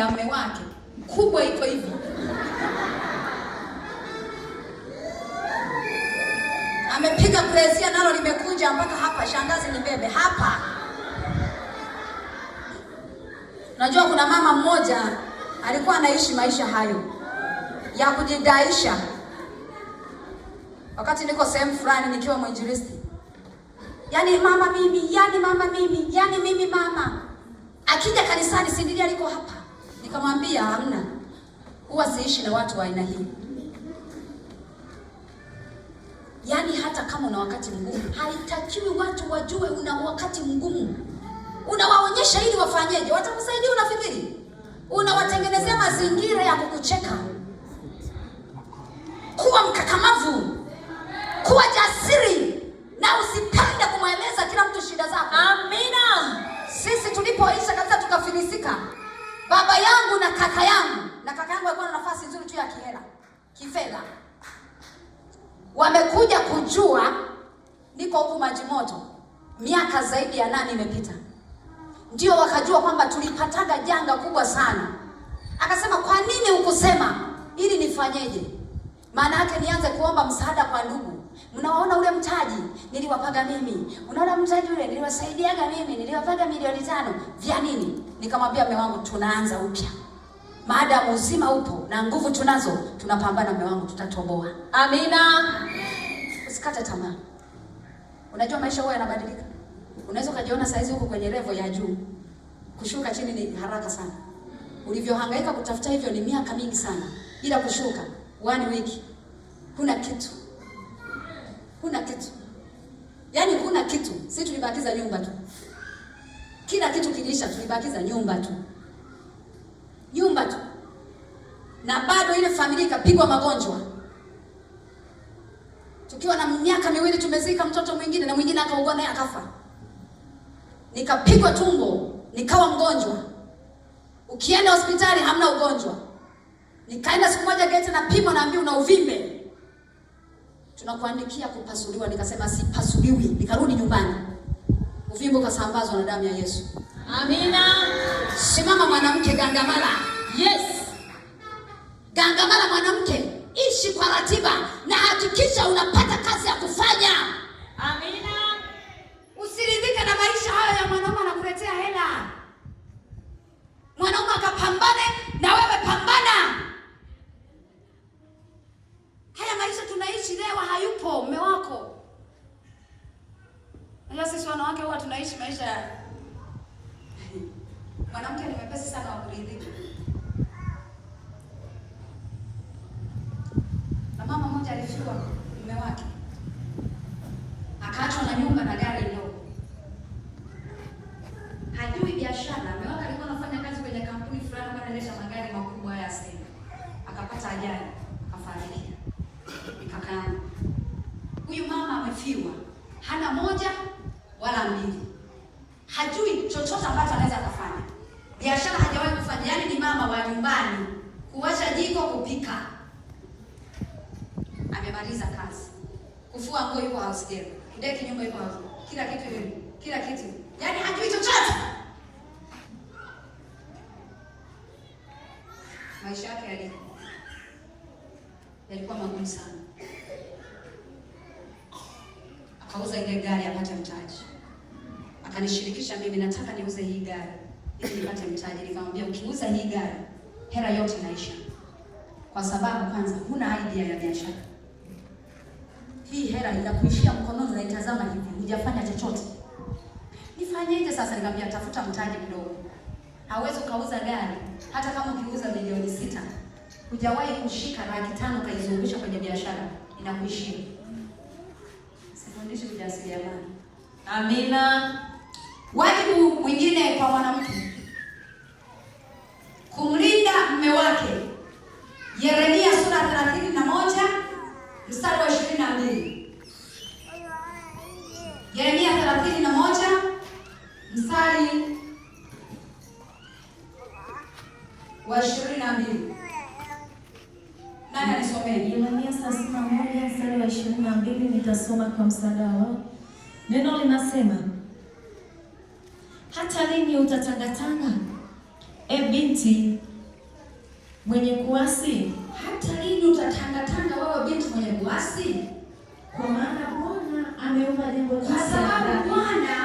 ya mme wake kubwa iko hivi amepiga kurezia nalo limekuja mpaka hapa, shangazi ni bebe hapa. najua kuna mama mmoja alikuwa anaishi maisha hayo ya kujidaisha. Wakati niko sehemu fulani nikiwa mwinjiristi yaani mama mimi, yani mama mimi, yani mimi mama, akija kanisani sindili aliko hapa Nikamwambia hamna, huwa siishi na watu wa aina hii. Yaani hata kama una wakati mgumu, haitakiwi watu wajue una wakati mgumu. Unawaonyesha ili wafanyeje? Watakusaidia unafikiri? Unawatengenezea mazingira ya kukucheka. Kuwa mkakamavu, kuwa jasiri, na usipende kumweleza kila mtu shida zako. Amina. Sisi tulipoisha kabisa tukafilisika baba yangu na kaka yangu, na kaka yangu alikuwa na nafasi nzuri tu ya kihela, kifedha, wamekuja kujua niko huku maji moto miaka zaidi ya nane imepita, ndio wakajua kwamba tulipataga janga kubwa sana. Akasema, kwa nini hukusema ili nifanyeje? Maana yake nianze kuomba msaada kwa ndugu. Mnawaona ule mtaji niliwapaga mimi, unaona mtaji ule niliwasaidiaga mimi, niliwapaga milioni tano vya nini? nikamwambia mume wangu, tunaanza upya, maadamu uzima upo na nguvu tunazo, tunapambana mume wangu, tutatoboa. Amina, usikate tamaa. Unajua maisha huwa yanabadilika. Unaweza ukajiona saizi huko kwenye levo ya juu, kushuka chini ni haraka sana. Ulivyohangaika kutafuta hivyo ni miaka mingi sana, ila kushuka one week, huna kitu, huna kitu, yaani huna kitu. Sisi tulibakiza nyumba tu. Kila kitu kiliisha, tulibakiza nyumba tu, nyumba tu, na bado ile familia ikapigwa magonjwa. Tukiwa na miaka miwili tumezika mtoto mwingine, na mwingine akaugua naye akafa. Nikapigwa tumbo, nikawa mgonjwa. Ukienda hospitali hamna ugonjwa. Nikaenda siku moja geti na pimo, naambiwa una uvimbe, tunakuandikia kupasuliwa. Nikasema sipasuliwi, nikarudi nyumbani uvimbo ukasambazwa na damu ya Yesu. Amina. Simama mwanamke, gangamala. Yes, gangamala mwanamke, ishi kwa ratiba. wanawake huwa tunaishi maisha mwanamke ni mepesi sana wa kuridhika. Na mama mmoja alifiwa mume wake, akaachwa na nyumba na gari ndogo, hajui biashara. Mume wake alikuwa anafanya kazi kwenye kampuni fulani, analeta magari makubwa ya sehemu, akapata ajali, akafariki. Ikakaa huyu mama amefiwa, hana moja wala mbili, hajui chochote ambacho anaweza akafanya biashara, hajawahi kufanya. Yaani ni mama wa nyumbani, kuwasha jiko, kupika, amemaliza kazi, kufua nguo, yuko house girl, ndeki nyumba, yuko house, kila kitu, kila kitu, yaani hajui chochote. Maisha yake yali yalikuwa magumu sana, akauza ile gari apate mtaji kanishirikisha mimi, nataka niuze hii gari ili nipate mtaji. Nikamwambia ukiuza hii gari hela yote inaisha, kwa sababu kwanza huna idea ya biashara. Hii hela inakuishia mkononi, unaitazama hivi, hujafanya chochote. Nifanyeje sasa? Nikamwambia tafuta mtaji mdogo, hawezi ukauza gari hata kama ukiuza milioni sita hujawahi kushika laki tano kaizungusha kwenye biashara inakuishia. Sifundishi ujasiriamali. Amina. Wajibu mwingine kwa mwanamke kumlinda mume wake. Yeremia sura 31 mstari wa 22. Yeremia 31 mstari wa 22. Nani Yeremia 31 mstari wa 22, nitasoma kwa msaada wao. Neno linasema hata lini utatangatanga? E binti mwenye kuasi, hata lini utatangatanga wewe binti mwenye kuasi? Kwa maana Bwana ameumba jambo kwa sababu Bwana